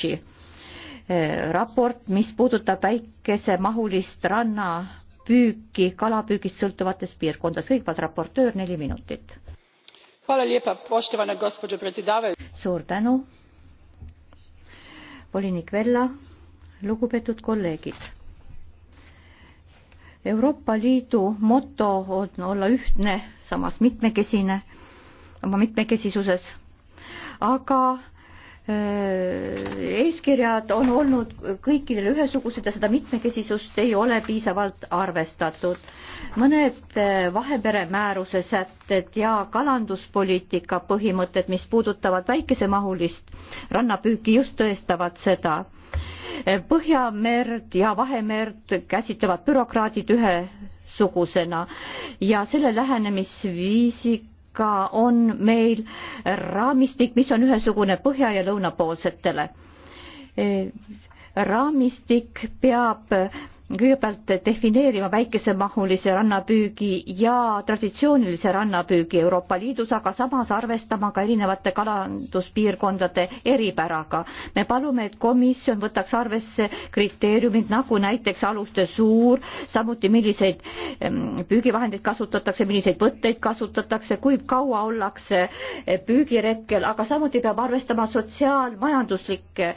Kovtši eh, raport, mis puudutab väikesemahulist rannapüüki kalapüügist sõltuvates piirkondades. kõigepealt raportöör, neli minutit. suur tänu. volinik Vella, lugupeetud kolleegid. Euroopa Liidu moto on olla ühtne, samas mitmekesine, oma mitmekesisuses, aga Äh, eeskirjad on olnud kõikidele ühesugused ja seda mitmekesisust ei ole piisavalt arvestatud. mõned äh, Vahepere määruse sätted ja kalanduspoliitika põhimõtted, mis puudutavad väikesemahulist rannapüüki, just tõestavad seda. Äh, Põhjamerd ja Vahemerd käsitlevad bürokraadid ühesugusena ja selle lähenemisviisiga ka on meil raamistik, mis on ühesugune põhja- ja lõunapoolsetele. raamistik peab kõigepealt defineerima väikesemahulise rannapüügi ja traditsioonilise rannapüügi Euroopa Liidus, aga samas arvestama ka erinevate kalanduspiirkondade eripäraga. me palume, et komisjon võtaks arvesse kriteeriumid nagu näiteks aluste suur, samuti milliseid püügivahendeid kasutatakse, milliseid võtteid kasutatakse, kui kaua ollakse eh, püügirekkel, aga samuti peab arvestama sotsiaalmajanduslikke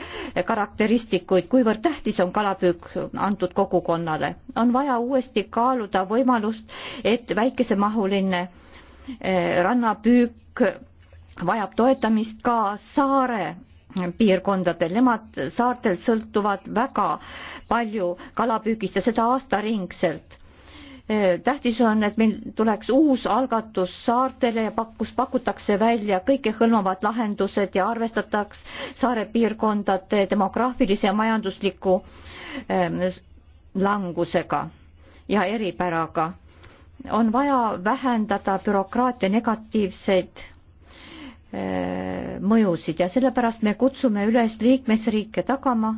karakteristikuid, kuivõrd tähtis on kalapüük antud kogu kogukonnale. on vaja uuesti kaaluda võimalust, et väikesemahuline eh, rannapüük vajab toetamist ka saare piirkondadel, nemad saartel sõltuvad väga palju kalapüügist ja seda aastaringselt eh, tähtis on, et meil tuleks uus algatus saartele, kus pakutakse välja kõikehõlmavad lahendused ja arvestataks saare piirkondade demograafilise ja majandusliku eh, langusega ja eripäraga. on vaja vähendada bürokraatia negatiivseid äh, mõjusid ja sellepärast me kutsume üles liikmesriike tagama,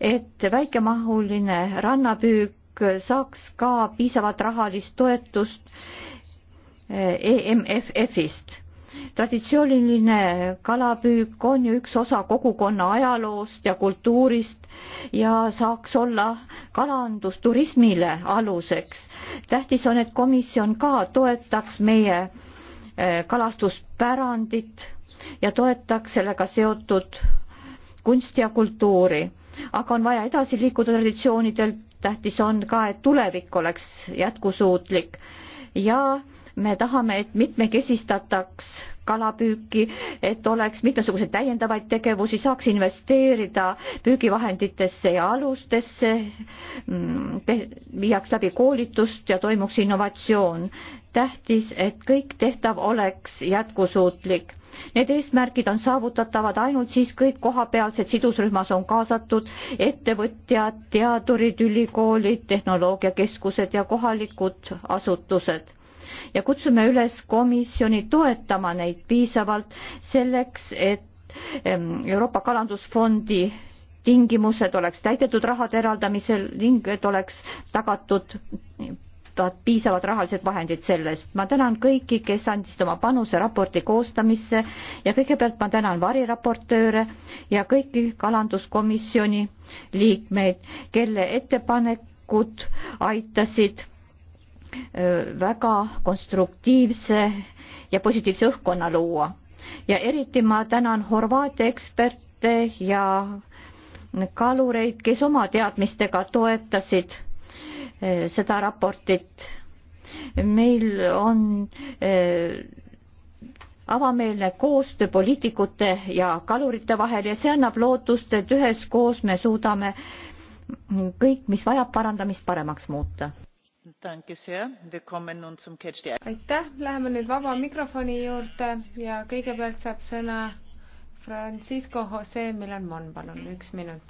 et väikemahuline rannapüük saaks ka piisavat rahalist toetust äh, EMFF-ist traditsiooniline kalapüük on ju üks osa kogukonna ajaloost ja kultuurist ja saaks olla kalandusturismile aluseks. tähtis on, et komisjon ka toetaks meie eh, kalastuspärandit ja toetaks sellega seotud kunsti ja kultuuri, aga on vaja edasi liikuda traditsioonidelt, tähtis on ka, et tulevik oleks jätkusuutlik ja me tahame, et mitmekesistataks kalapüüki, et oleks mitmesuguseid täiendavaid tegevusi, saaks investeerida püügivahenditesse ja alustesse, mm, viiaks läbi koolitust ja toimuks innovatsioon. tähtis, et kõik tehtav oleks jätkusuutlik. Need eesmärgid on saavutatavad ainult siis, kõik kohapealsed sidusrühmas on kaasatud, ettevõtjad, teadurid, ülikoolid, tehnoloogiakeskused ja kohalikud asutused ja kutsume üles komisjoni toetama neid piisavalt selleks, et Euroopa Kalandusfondi tingimused oleks täidetud rahade eraldamisel ning et oleks tagatud piisavad rahalised vahendid sellest. ma tänan kõiki, kes andsid oma panuse raporti koostamisse ja kõigepealt ma tänan variraportööre ja kõiki kalanduskomisjoni liikmeid, kelle ettepanekud aitasid väga konstruktiivse ja positiivse õhkkonna luua. ja eriti ma tänan Horvaatia eksperte ja kalureid, kes oma teadmistega toetasid seda raportit. meil on avameelne koostöö poliitikute ja kalurite vahel ja see annab lootust, et üheskoos me suudame kõik, mis vajab parandamist, paremaks muuta aitäh, läheme nüüd vaba mikrofoni juurde ja kõigepealt saab sõna Francisco José Milan Mon, palun, üks minut.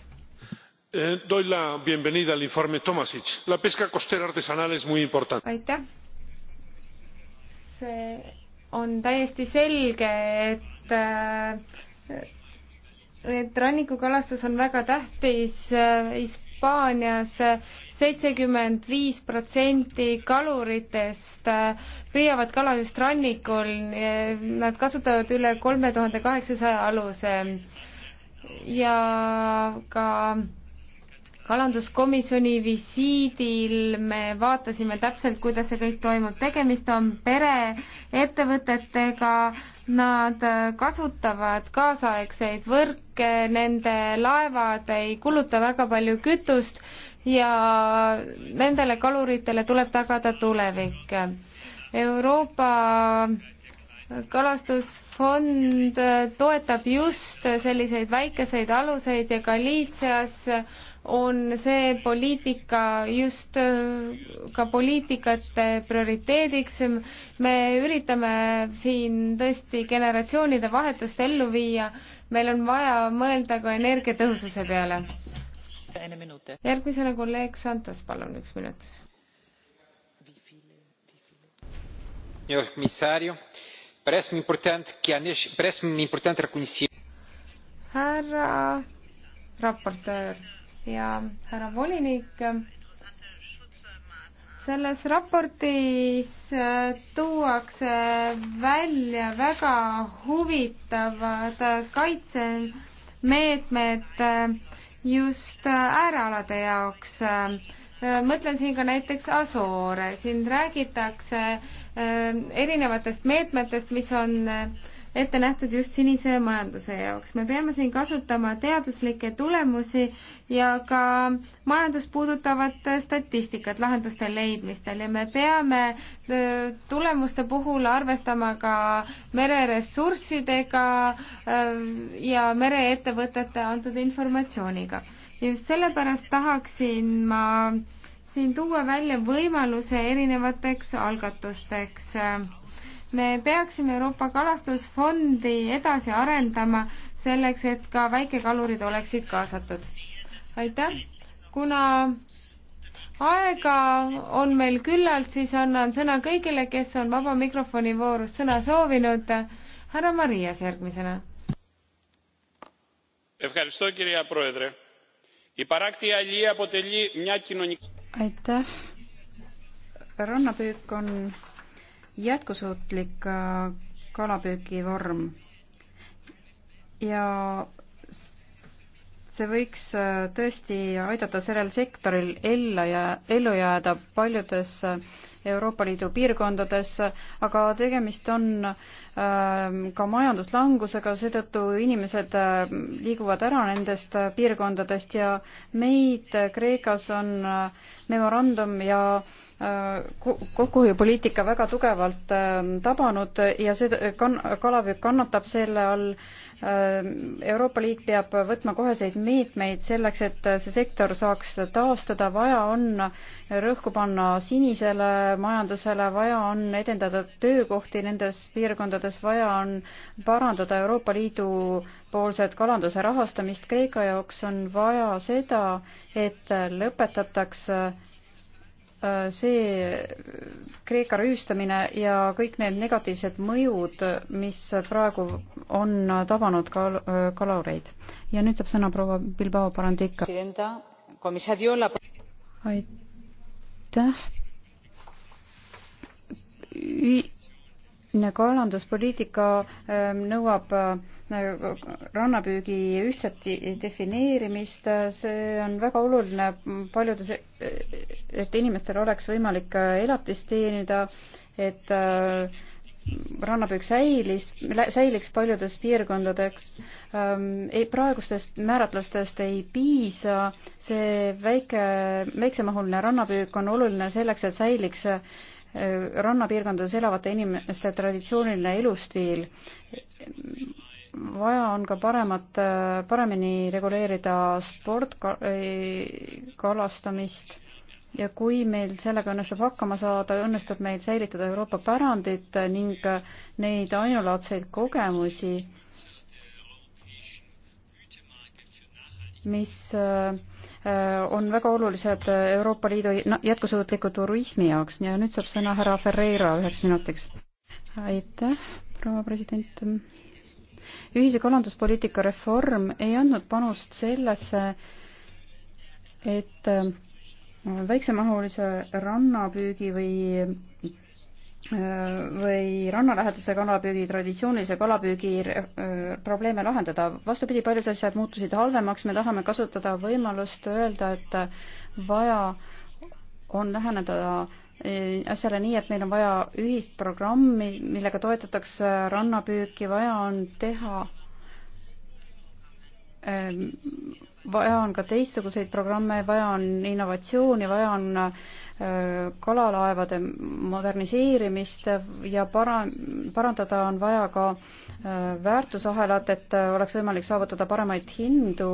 Eh, doy la bienvenida al informe Tomasic. La pesca costera artesanal es muy importante. aitäh. see on täiesti selge, et eh, et rannikukalastus on väga tähtis eh, Hispaanias seitsekümmend viis protsenti kaluritest äh, püüavad kala just rannikul, äh, nad kasutavad üle kolme tuhande kaheksasaja aluse ja ka kalanduskomisjoni visiidil me vaatasime täpselt, kuidas see kõik toimub. tegemist on pereettevõtetega, nad äh, kasutavad kaasaegseid võrke, nende laevad ei kuluta väga palju kütust ja nendele kaluritele tuleb tagada tulevik. Euroopa kalastusfond toetab just selliseid väikeseid aluseid ja Galiitsias on see poliitika just ka poliitikate prioriteediks. me üritame siin tõesti generatsioonide vahetust ellu viia, meil on vaja mõelda ka energiatõhususe peale järgmisena kolleeg Santos, palun üks minut. härra raportöör ja härra volinik, selles raportis äh, tuuakse välja väga huvitavad kaitsemeetmed äh, just äh, äärealade jaoks. Äh, mõtlen siin ka näiteks Asoore, siin räägitakse äh, erinevatest meetmetest, mis on ette nähtud just sinise majanduse jaoks. me peame siin kasutama teaduslikke tulemusi ja ka majandust puudutavat statistikat lahenduste leidmistel ja me peame äh, tulemuste puhul arvestama ka mereressurssidega äh, ja mereettevõtete antud informatsiooniga. just sellepärast tahaksin ma siin tuua välja võimaluse erinevateks algatusteks me peaksime Euroopa Kalastusfondi edasi arendama selleks, et ka väikekalurid oleksid kaasatud. aitäh, kuna aega on meil küllalt, siis annan sõna kõigile, kes on vaba mikrofoni voorus sõna soovinud. härra Marias järgmisena. aitäh. rannapüük on jätkusuutlik äh, kalapüügivorm ja see võiks äh, tõesti aidata sellel sektoril ellu ja ellu jääda paljudes äh, Euroopa Liidu piirkondades, aga tegemist on ähm, ka majanduslangusega, seetõttu inimesed liiguvad ära nendest piirkondadest ja meid Kreekas on memorandum ja äh, Äh, kokkuhoiupoliitika väga tugevalt ähm, tabanud ja see kann-, kalapüük kannatab selle all. Ähm, Euroopa Liit peab võtma koheseid meetmeid selleks, et see sektor saaks taastuda, vaja on rõhku panna sinisele majandusele, vaja on edendada töökohti nendes piirkondades, vaja on parandada Euroopa Liidu poolset kalanduse rahastamist, Kreeka jaoks on vaja seda, et lõpetataks Äh, see äh, Kreeka rüüstamine ja kõik need negatiivsed mõjud, mis praegu on tabanud kal-, äh, kalureid. ja nüüd saab sõna proua Bilbao Barandika. aitäh. ühine kalanduspoliitika ähm, nõuab rannapüügi ühtset defineerimist, see on väga oluline paljudes, et inimestel oleks võimalik elatist teenida, et äh, rannapüük säilis, säiliks paljudes piirkondadeks. Ähm, praegustest määratlustest ei piisa, see väike, väiksemahuline rannapüük on oluline selleks, et säiliks äh, rannapiirkondades elavate inimeste traditsiooniline elustiil vaja on ka paremat, paremini reguleerida sportkalastamist ja kui meil sellega õnnestub hakkama saada, õnnestub meil säilitada Euroopa pärandit ning neid ainulaadseid kogemusi, mis äh, on väga olulised Euroopa Liidu jätkusuutliku turismi jaoks ja nüüd saab sõna härra Ferreira üheks minutiks. aitäh, proua president ühise kalanduspoliitika reform ei andnud panust sellesse, et äh, väiksemahulise rannapüügi või äh, või rannalähedase kalapüügi, traditsioonilise kalapüügi äh, probleeme lahendada. vastupidi, paljud asjad muutusid halvemaks, me tahame kasutada võimalust öelda, et vaja on läheneda Äh, asjale nii, et meil on vaja ühist programmi, millega toetatakse rannapüüki, vaja on teha, ähm, vaja on ka teistsuguseid programme, vaja on innovatsiooni, vaja on äh, kalalaevade moderniseerimist ja para-, parandada on vaja ka äh, väärtusahelat, et oleks võimalik saavutada paremaid hindu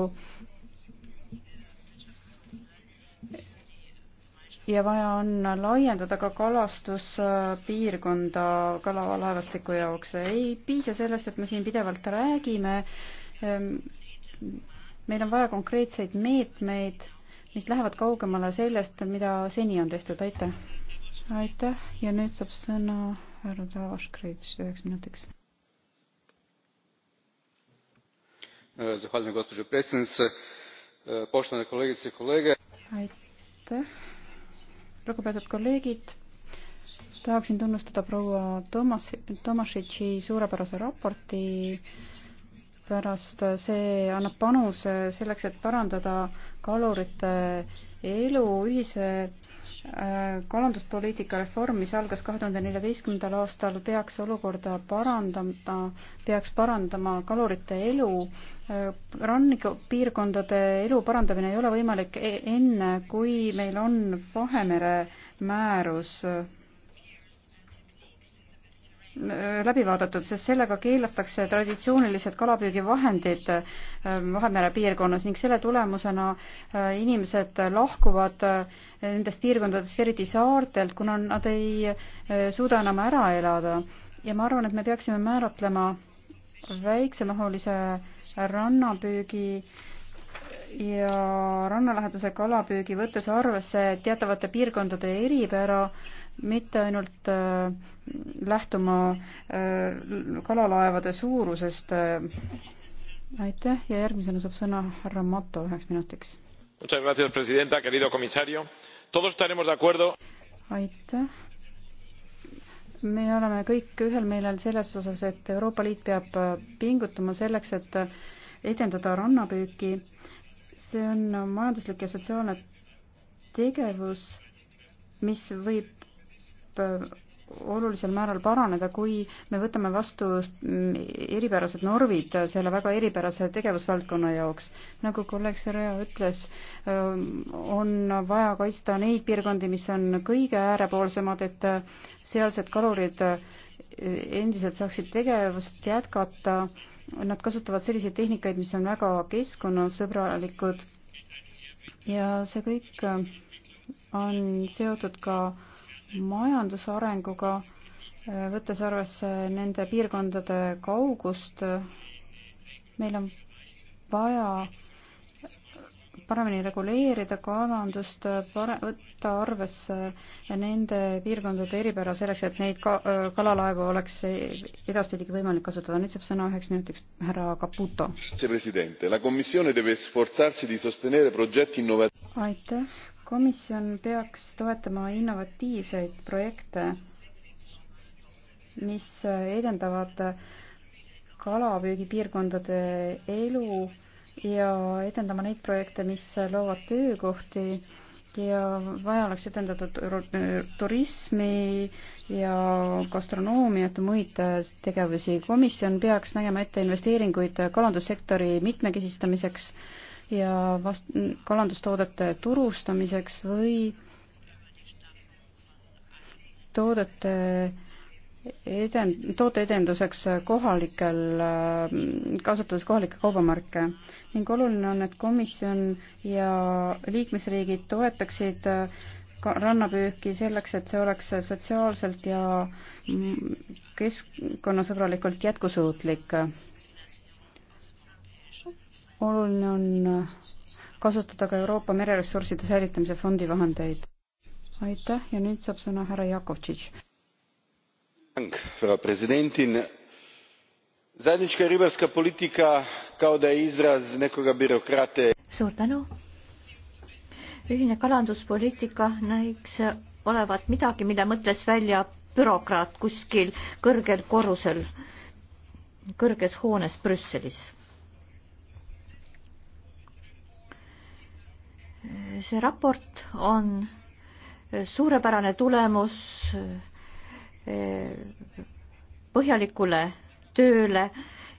ja vaja on laiendada ka kalastuspiirkonda kalalaevastiku jaoks. ei piisa sellest, et me siin pidevalt räägime. Ehm, meil on vaja konkreetseid meetmeid, mis lähevad kaugemale sellest, mida seni on tehtud. aitäh. aitäh ja nüüd saab sõna härra Davaškrits üheks minutiks. Zahvaljujem gospođo predsjednice, poštovane kolegice i kolege. Aitäh lugupeetud kolleegid, tahaksin tunnustada proua Tomas, Tomašitši suurepärase raporti pärast, see annab panuse selleks, et parandada kalurite elu ühise kalanduspoliitika reform, mis algas kahe tuhande neljateistkümnendal aastal, peaks olukorda parandama, peaks parandama kalurite elu. rannikupiirkondade elu parandamine ei ole võimalik e-, enne, kui meil on Vahemere määrus Äh, läbi vaadatud, sest sellega keelatakse traditsioonilised kalapüügivahendid äh, Vahemere piirkonnas ning selle tulemusena äh, inimesed lahkuvad nendest piirkondadest, eriti saartelt, kuna nad ei suuda enam ära elada. ja ma arvan, et me peaksime määratlema väiksemahulise rannapüügi ja rannalähedase kalapüügi, võttes arvesse teatavate piirkondade eripära, mitte ainult äh, lähtuma äh, kalalaevade suurusest. Äh, aitäh ja järgmisena saab sõna härra Mato üheks minutiks. aitäh me oleme kõik ühel meelel selles osas, et Euroopa Liit peab pingutama selleks, et edendada rannapüüki. see on majanduslik ja sotsiaalne tegevus, mis võib olulisel määral paraneda, kui me võtame vastu eripärased normid selle väga eripärase tegevusvaldkonna jaoks. nagu kolleeg Sõrja ütles, ähm, on vaja kaitsta neid piirkondi, mis on kõige äärepoolsemad, et sealsed kalurid äh, endiselt saaksid tegevust jätkata. Nad kasutavad selliseid tehnikaid, mis on väga keskkonnasõbralikud ja see kõik äh, on seotud ka äh, majandusarenguga, äh, võttes arvesse nende piirkondade kaugust, meil on vaja paremini reguleerida kalandust, võtta arvesse nende piirkondade eripära selleks, et neid ka, äh, kalalaevu oleks edaspidigi võimalik kasutada. nüüd saab sõna üheks minutiks härra Caputo. aitäh, komisjon peaks toetama innovatiivseid projekte, mis edendavad kalapüügipiirkondade elu ja edendama neid projekte, mis loovad töökohti ja vaja oleks edendada turismi ja gastronoomiat ja muid tegevusi. komisjon peaks nägema ette investeeringuid kalandussektori mitmekesistamiseks äh, ja vast-, kalandustoodete turustamiseks või toodete eden-, tooteedenduseks kohalikel, kasutades kohalikke kaubamärke. ning oluline on, et komisjon ja liikmesriigid toetaksid rannapüüki selleks, et see oleks sotsiaalselt ja keskkonnasõbralikult jätkusuutlik oluline on äh, kasutada ka Euroopa mereressursside säilitamise fondi vahendeid. aitäh ja nüüd saab sõna härra Jakovtšitš. zajednička ribarska politika kao da je izraz nekoga birokrate. suur tänu. ühine kalanduspoliitika näiks olevat midagi, mille mõtles välja bürokraat kuskil kõrgel korrusel, kõrges hoones Brüsselis see raport on suurepärane tulemus eh, põhjalikule tööle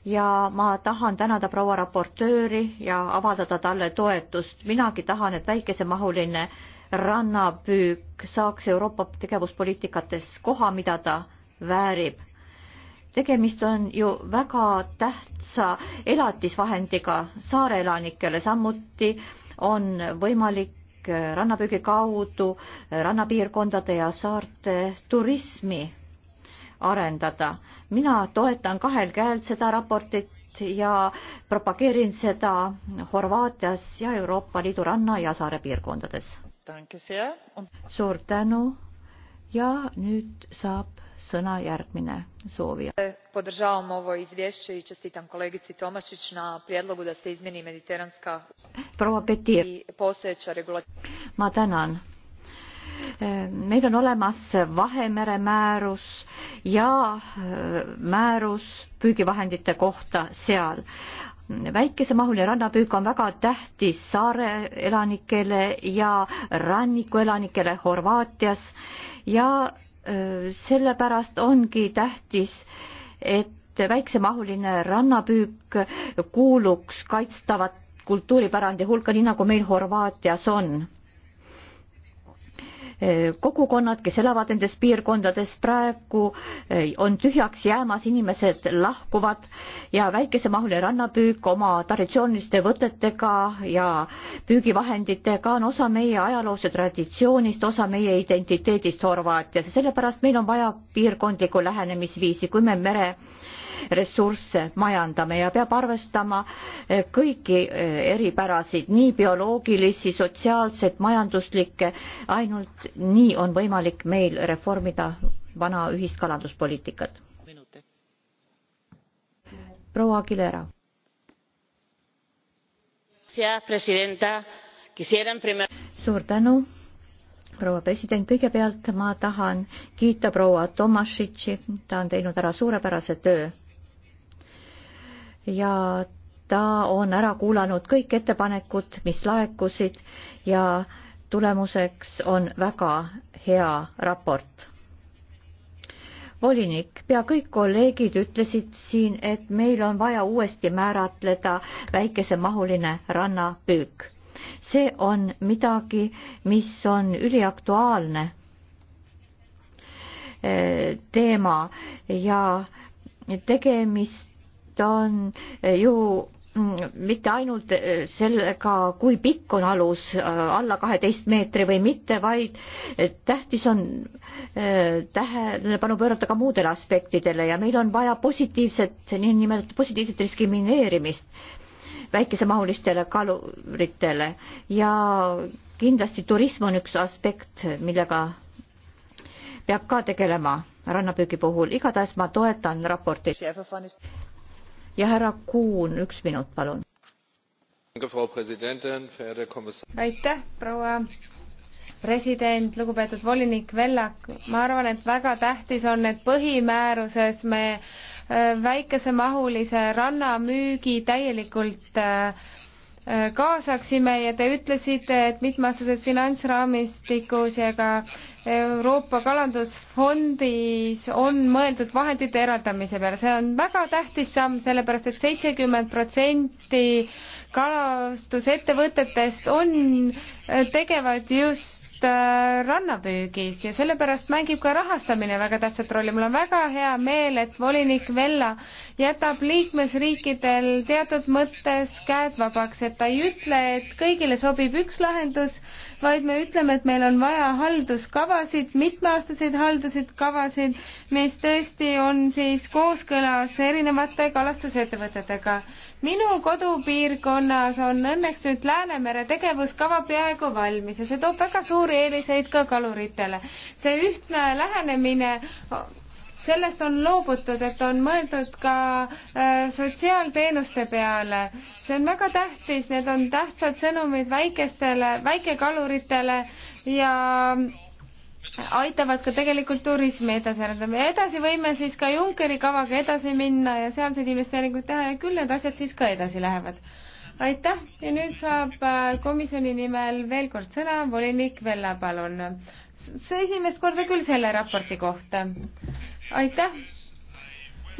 ja ma tahan tänada proua raportööri ja avaldada talle toetust. minagi tahan, et väikesemahuline rannapüük saaks Euroopa tegevuspoliitikates koha, mida ta väärib tegemist on ju väga tähtsa elatisvahendiga saare elanikele, samuti on võimalik rannapüügi kaudu rannapiirkondade ja saarte turismi arendada. mina toetan kahel käel seda raportit ja propageerin seda Horvaatias ja Euroopa Liidu ranna- ja saarepiirkondades. suur tänu ja nüüd saab sõna järgmine soovija. podržavam ovo izvješće i čestitam kolegici Tomašić na prijedlogu da se izmjeni mediteranska proua Petir. postojeća regulativa. ma tänan. E, meil on olemas Vahemere määrus ja e, määrus püügivahendite kohta seal väikesemahuline rannapüük on väga tähtis saare elanikele ja rannikuelanikele Horvaatias ja sellepärast ongi tähtis, et väiksemahuline rannapüük kuuluks kaitstavat kultuuripärandi hulka, nii nagu meil Horvaatias on kogukonnad, kes elavad nendes piirkondades, praegu eh, on tühjaks jäämas, inimesed lahkuvad ja väikesemahuline rannapüük oma traditsiooniliste võtetega ja püügivahenditega on osa meie ajaloost ja traditsioonist, osa meie identiteedist Horvaatias ja sellepärast meil on vaja piirkondlikku lähenemisviisi, kui me mere ressursse majandame ja peab arvestama eh, kõiki eh, eripärasid, nii bioloogilisi, sotsiaalseid, majanduslikke. ainult nii on võimalik meil reformida vana ühist kalanduspoliitikat. proua Aguilera. suur tänu proua president, kõigepealt ma tahan kiita proua Tomašitši, ta on teinud ära suurepärase töö ja ta on ära kuulanud kõik ettepanekud, mis laekusid ja tulemuseks on väga hea raport. volinik, pea kõik kolleegid ütlesid siin, et meil on vaja uuesti määratleda väikesemahuline rannapüük. see on midagi, mis on üliaktuaalne eh, teema ja tegemist ta on eh, ju mm, mitte ainult eh, sellega, kui pikk on alus, eh, alla kaheteist meetri või mitte, vaid tähtis on tähelepanu pöörata ka muudele aspektidele ja meil on vaja positiivset, niinimetatud positiivset diskrimineerimist väikesemahulistele kaluritele ja kindlasti turism on üks aspekt, millega peab ka tegelema rannapüügi puhul, igatahes ma toetan raportit ja härra Kuun, üks minut, palun. aitäh, proua president, lugupeetud volinik Vellak, ma arvan, et väga tähtis on, et põhimääruses me äh, väikesemahulise rannamüügi täielikult äh, Äh, kaasaksime ja te ütlesite, et mitmeaastases finantsraamistikus ja ka Euroopa Kalandusfondis on mõeldud vahendite eraldamise peale. see on väga tähtis samm, sellepärast et seitsekümmend protsenti kalastusettevõtetest on, äh, tegevad just äh, rannapüügis ja sellepärast mängib ka rahastamine väga tähtsat rolli. mul on väga hea meel, et volinik Vella jätab liikmesriikidel teatud mõttes käed vabaks, et ta ei ütle, et kõigile sobib üks lahendus, vaid me ütleme, et meil on vaja halduskavasid, mitmeaastaseid haldusid, kavasid, mis tõesti on siis kooskõlas erinevate kalastusettevõtetega. minu kodupiirkonnas on õnneks nüüd Läänemere tegevuskava peaaegu valmis ja see toob väga suuri eeliseid ka kaluritele. see ühtne lähenemine sellest on loobutud, et on mõeldud ka äh, sotsiaalteenuste peale. see on väga tähtis, need on tähtsad sõnumid väikestele, väikekaluritele ja aitavad ka tegelikult turismi edasi arendada. me edasi võime siis ka Junckeri kavaga edasi minna ja sealseid investeeringuid teha ja küll need asjad siis ka edasi lähevad. aitäh ja nüüd saab äh, komisjoni nimel veel kord sõna volinik Vella, palun see esimest korda küll selle raporti kohta. aitäh!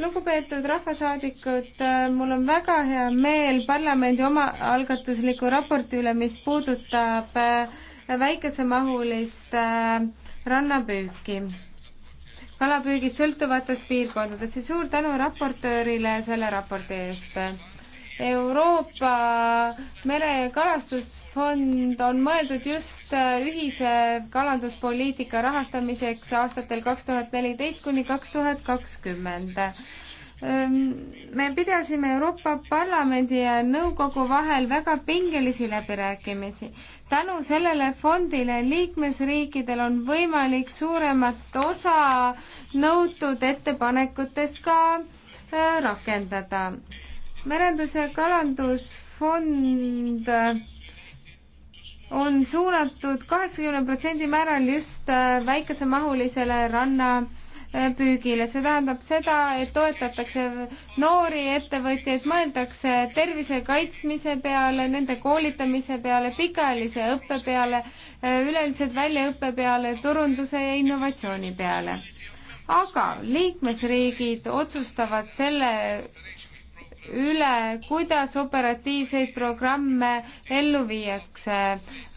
lugupeetud rahvasaadikud, mul on väga hea meel parlamendi omaalgatusliku raporti üle, mis puudutab äh, väikesemahulist äh, rannapüüki, kalapüügist sõltuvates piirkondades ja suur tänu raportöörile selle raporti eest Euroopa merekalastusfond on mõeldud just äh, ühise kalanduspoliitika rahastamiseks aastatel kaks tuhat neliteist kuni kaks tuhat kakskümmend. me pidasime Euroopa Parlamendi ja nõukogu vahel väga pingelisi läbirääkimisi. tänu sellele fondile liikmesriikidel on võimalik suuremat osa nõutud ettepanekutest ka äh, rakendada merendus- ja kalandusfond äh, on suunatud kaheksakümne protsendi määral just äh, väikesemahulisele ranna äh, püügile, see tähendab seda, et toetatakse noori ettevõtjaid, mõeldakse tervise kaitsmise peale, nende koolitamise peale, pikaajalise õppe peale, üleüldiselt väljaõppe peale, turunduse ja innovatsiooni peale. aga liikmesriigid otsustavad selle üle, kuidas operatiivseid programme ellu viiakse.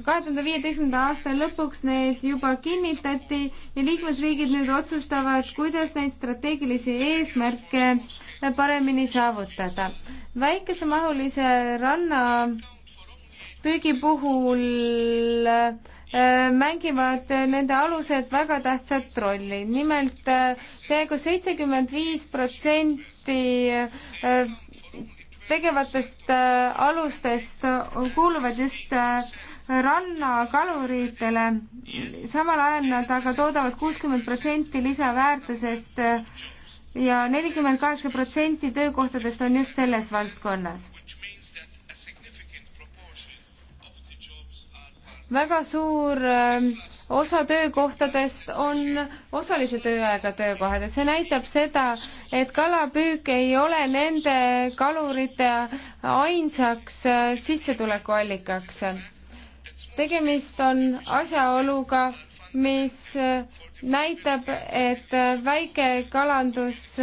kahe tuhande viieteistkümnenda aasta lõpuks need juba kinnitati ja liikmesriigid nüüd otsustavad, kuidas neid strateegilisi eesmärke paremini saavutada. väikesemahulise ranna püügi puhul äh, Äh, mängivad nende alused väga tähtsat rolli. nimelt äh, peaaegu seitsekümmend viis protsenti äh, tegevatest alustest kuuluvad just rannakaluritele, samal ajal nad aga toodavad kuuskümmend protsenti lisaväärtusest ja nelikümmend kaheksa protsenti töökohtadest on just selles valdkonnas väga suur äh, osa töökohtadest on osalise tööajaga töökohad ja see näitab seda, et kalapüük ei ole nende kalurite ainsaks äh, sissetulekuallikaks. tegemist on asjaoluga, mis äh, näitab, et väike kalandus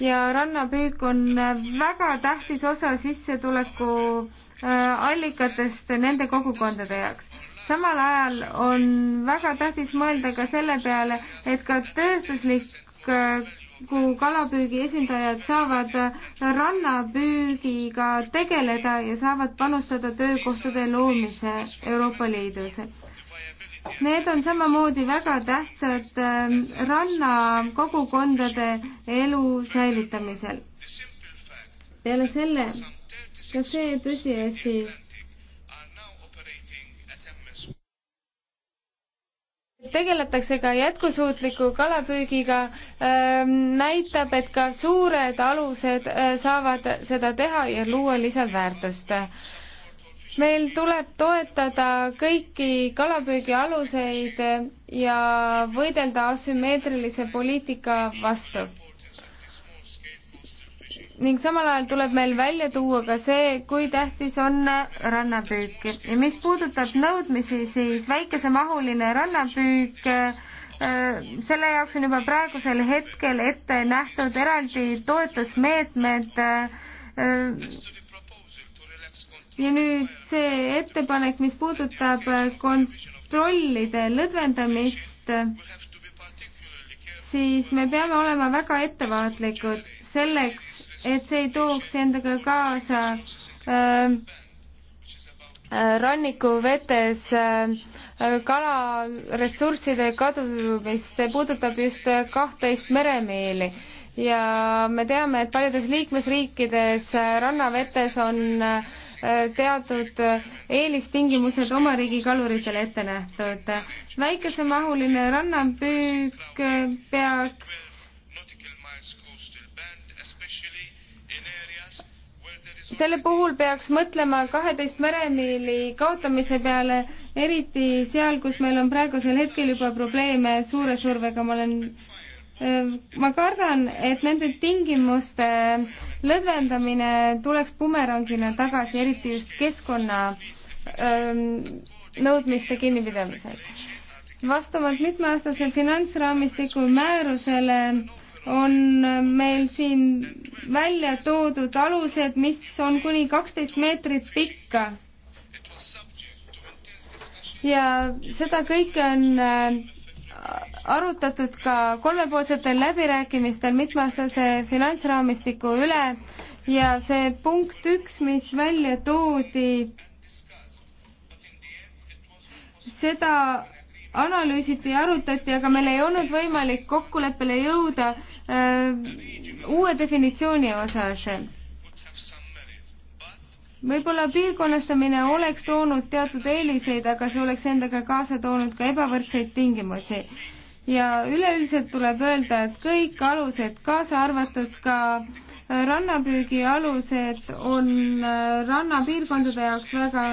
ja rannapüük on väga tähtis osa sissetuleku äh, allikatest nende kogukondade jaoks. samal ajal on väga tähtis mõelda ka selle peale, et ka tööstusliku äh, kalapüügi esindajad saavad rannapüügiga tegeleda ja saavad panustada töökohtade loomise Euroopa Liidus Need on samamoodi väga tähtsad ähm, rannakogukondade elu säilitamisel. peale selle ka see tõsiasi, tegeletakse ka jätkusuutliku kalapüügiga, ähm, näitab, et ka suured alused äh, saavad seda teha ja luua lisandväärtust meil tuleb toetada kõiki kalapüügialuseid ja võidelda asümmeetrilise poliitika vastu. ning samal ajal tuleb meil välja tuua ka see, kui tähtis on rannapüük ja mis puudutab nõudmisi, siis väikesemahuline rannapüük äh, selle jaoks on juba praegusel hetkel ette nähtud eraldi toetusmeetmed äh, ja nüüd see ettepanek, mis puudutab äh, kontrollide lõdvendamist, siis me peame olema väga ettevaatlikud selleks, et see ei tooks endaga kaasa äh, äh rannikuvetes äh, äh, kalaressursside kadumist, see puudutab just kahtteist meremiili ja me teame, et paljudes liikmesriikides rannavetes on äh, teatud äh, eelistingimused oma riigi kaluritele ette nähtud. väikesemahuline rannapüük äh, peaks selle puhul peaks mõtlema kaheteist meremiili kaotamise peale, eriti seal, kus meil on praegusel hetkel juba probleeme suure survega, ma olen Äh, ma kardan, et nende tingimuste lõdvendamine tuleks bumerangina tagasi, eriti just keskkonna öö, ähm, nõudmiste kinnipidamisel. vastavalt mitmeaastase finantsraamistiku määrusele on meil siin välja toodud alused, mis on kuni kaksteist meetrit pikka. ja seda kõike on äh, arutatud ka kolmepoolsetel läbirääkimistel mitmeaastase finantsraamistiku üle ja see punkt üks, mis välja toodi, seda analüüsiti ja arutati, aga meil ei olnud võimalik kokkuleppele jõuda äh, uue definitsiooni osas. võib-olla piirkonnastamine oleks toonud teatud eeliseid, aga see oleks endaga kaasa toonud ka ebavõrdseid tingimusi ja üleüldiselt tuleb öelda, et kõik alused, kaasa arvatud ka äh, rannapüügi alused, on äh, rannapiirkondade jaoks väga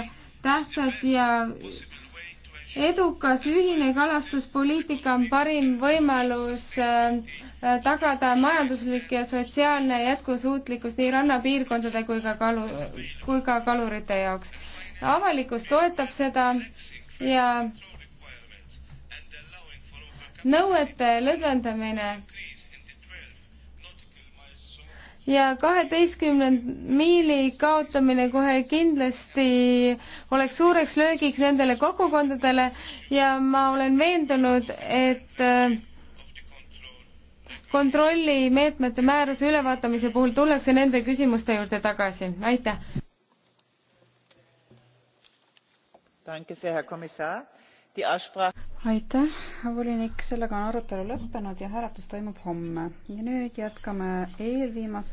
tähtsad ja edukas ühine kalastuspoliitika on parim võimalus äh, tagada majanduslik ja sotsiaalne jätkusuutlikkus nii rannapiirkondade kui ka kalu, kui ka kalurite jaoks. avalikkus toetab seda ja nõuete lõdvendamine ja kaheteistkümnenda miili kaotamine kohe kindlasti oleks suureks löögiks nendele kogukondadele ja ma olen veendunud, et äh, kontrollimeetmete määruse ülevaatamise puhul tullakse nende küsimuste juurde tagasi, aitäh aitäh, volinik, sellega on arutelu lõppenud ja hääletus toimub homme. ja nüüd jätkame eelviimase